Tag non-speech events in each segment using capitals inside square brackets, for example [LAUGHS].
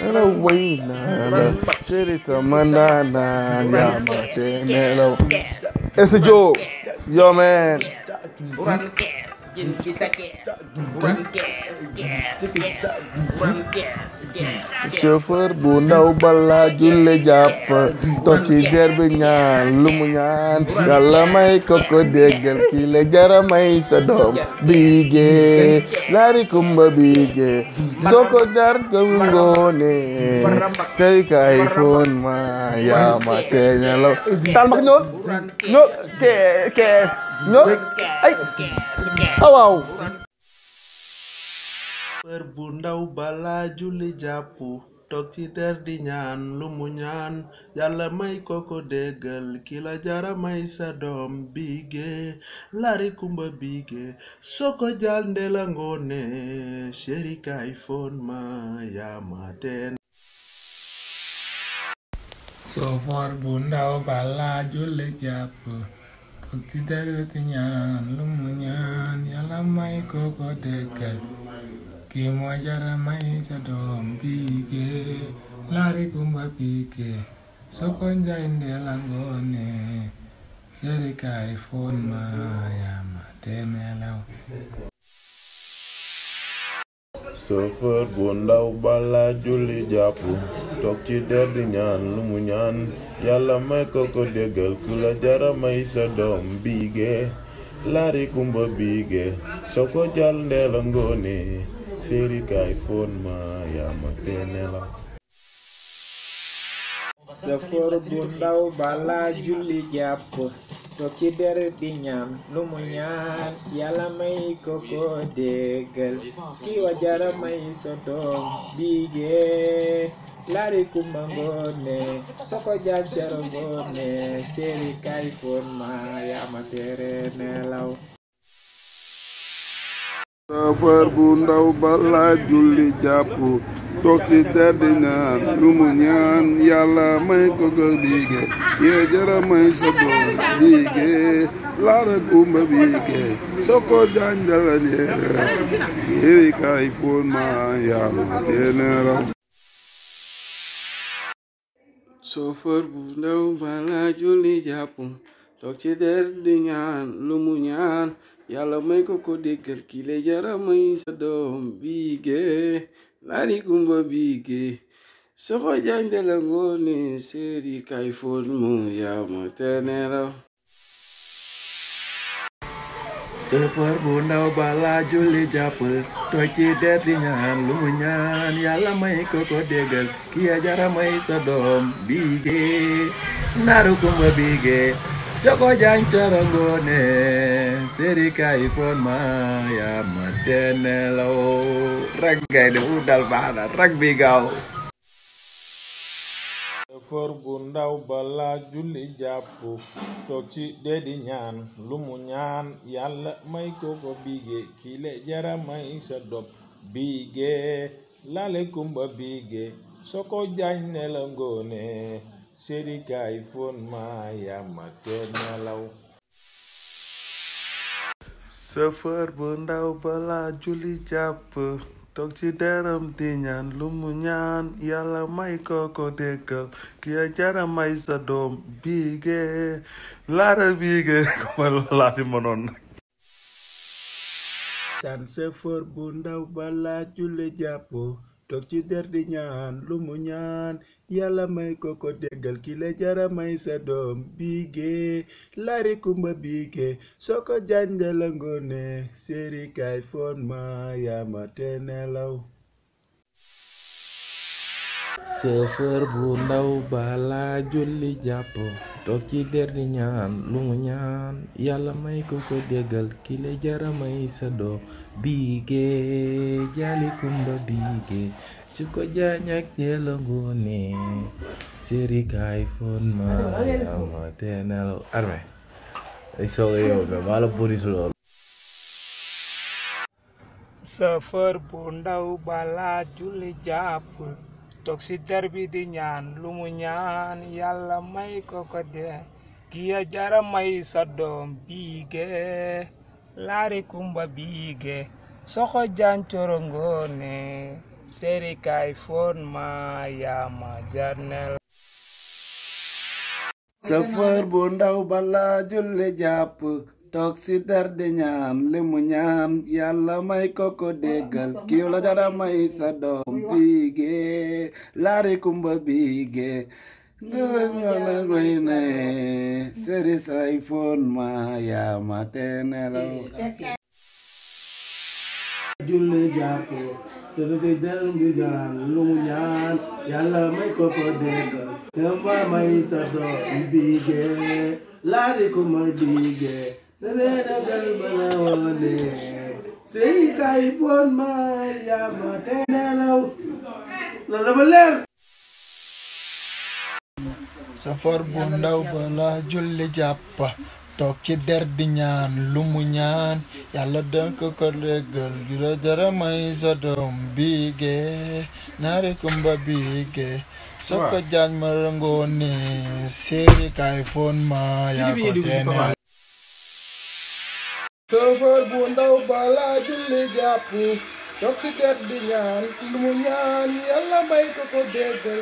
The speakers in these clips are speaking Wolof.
Wai nana shiri sama nana ya mate nelo. It's a joke, Give bu ndaw balaa julle jàpp. toog ci der bi ñaan lu mu ñaan. yàlla may koko déggal kii la jara may sa doom. biige laari kumba biige. soo ko jar ko ngoone. tey kay foon ma yaa tee ñalaw. taal ma ñool ñool kees kees ñool Oh, waaw bu ndaw balaa julli jàpp toog ci der di ñaan lumu ñaan yàlla may koko déggal ki la jara may sa doom biige lari kumba biige soko jal ndela ngoone chéri kay foon ma yaa ma bu ndaw balaa julli jàpp toog ci dara di ñaan lu mu ñaan yàlla may ko ko dëggal kii moo jara sa doom piike laari kumba piike soko njaay ndeela ngoone serikaay foon ma yaa te nelaw sofër bu ndaw bala julli jàpp toog ci der di ñaan lu mu ñaan yàlla may ko ko déggal ku la jara may sa doom biigee laari kumba biigee soo ko jàll ndee la ngoone séeri kaay ma yaa ma la toog ci der di ñaan lu mu ñaan yàlla may ko ko déggal ki wajara may sa doom bigee lari kumba ngoone soko jajaro ngoone séeri kay foon ma yaa tere nelaw toog der di naan lu mu ñaan yàlla may ko ko biige jara may sa doom biige laara kumba biige soko janjala neere yeri kay foon ma yàlla teeneera soofër bu ndaw bala julli jàpp toog ci der di ñaan lu mu ñaan yàlla may ko ko déggal jara may sa doom biige mari kumba biike soko jande la ngoone séeri kay foot mu yaw ma te nelaw bu ndaw balaa julli jàpp toj ci det di ñaan lu mu ko ko déggal ki a jara may sa doom biige naru kumba Choko jang carangone Serika ifon maya matenelo Rag gay de udal bana rag bigaw Sëfër bu ndaw balaa julli jàpp toog ci dedi ñaan lu mu ñaan yàlla may ko ko biige kile jara may sa dopp biige lale kumba biige soko jaañ ne la ngoone sérikaay fóon ma sëfër bu ndaw balaa julli jàpp toog ci deram di ñaan lu ñaan yàlla may kooko déggal ki a jara sa doom biige laara biige ma [LAUGHS] laa ci mënoon nag san sëfër bu ndaw balaa julli jàpp toog ci der di ñaan lu mu ñaan yàlla may ko ko déggal ki la jara may sa doom biigee lari kumba biigee soo ko janjala ngoone séeri kaay foon ma yaa ma sëfër bu ndaw balaa julli jàpp toog ci der di ñaan lu ñaan yàlla may ko ko déggal kile jaramay sa doo biige jaalikumba biige ci ko jaañak jeela ngoone serikaay foon ma ama te nelaw armée ay sooga yow mais la bonis loolu toog ci der bi di ñaan lu mu ñaan yàlla may ko dee ki ya jara may sa doom biige laari kumba biige soxo jaan corongoone serikaay foon ma yaama jarnel safar bu ndaw balaa julle jàpp toog si der di ñaan li mu ñaan yàlla may koko déggal kiiw la may sa doom biigee laari kumba biigee ngërëñoona goy ne seri say foon ma yaama teenelaw julli jàpp seri si der ngi ñaan lu mu ñaan yàlla may koko déggal kamba may sa doom biigee laari kumba biigee serena galbana wone sey kay foon ma yama te safar bu ndaw bala julli jàpp toog ci der di ñaan lu mu ñaan yàlla dënk ko réggal ju la dara may sa doom biige naari kumba biige soo ko jaaj ma rangoone seeri kaay foon ma yaa ko teenee sëfër bu ndaw balaa julli jàpp toog ci der di ñaan lu ñaan yàlla may ko ko déggal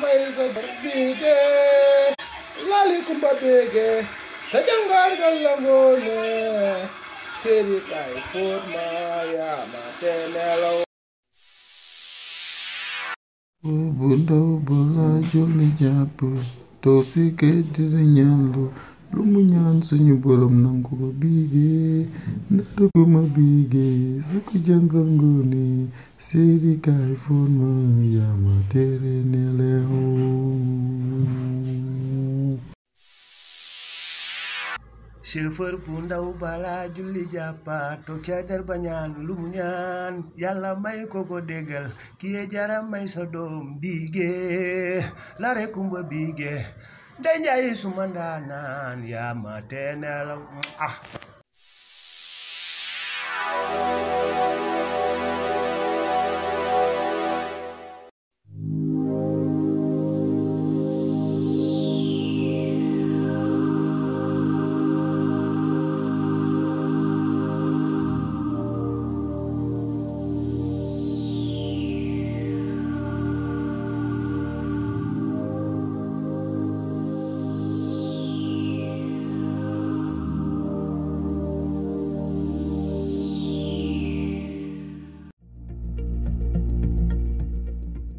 may sa der biigee la ngoone séri kaay fóot te nelaw bu ndaw balaa julli jàpp toog ci kër di ñaan lu lu mu ñaan suñu borom nangu ko biigee ndaru ko biigee su ko jantal ngoone seedi kaay foon yaa ma tere nelew chauffeur bu ndaw balaa julli jàppa toog ba ñaan lu mu ñaan yàlla may ko ko déggal kii yee may sa doom biigee la rekumba biigee Ndeye suma ndanan ma ndaanaan yaa ma tee nelaw mm, ah.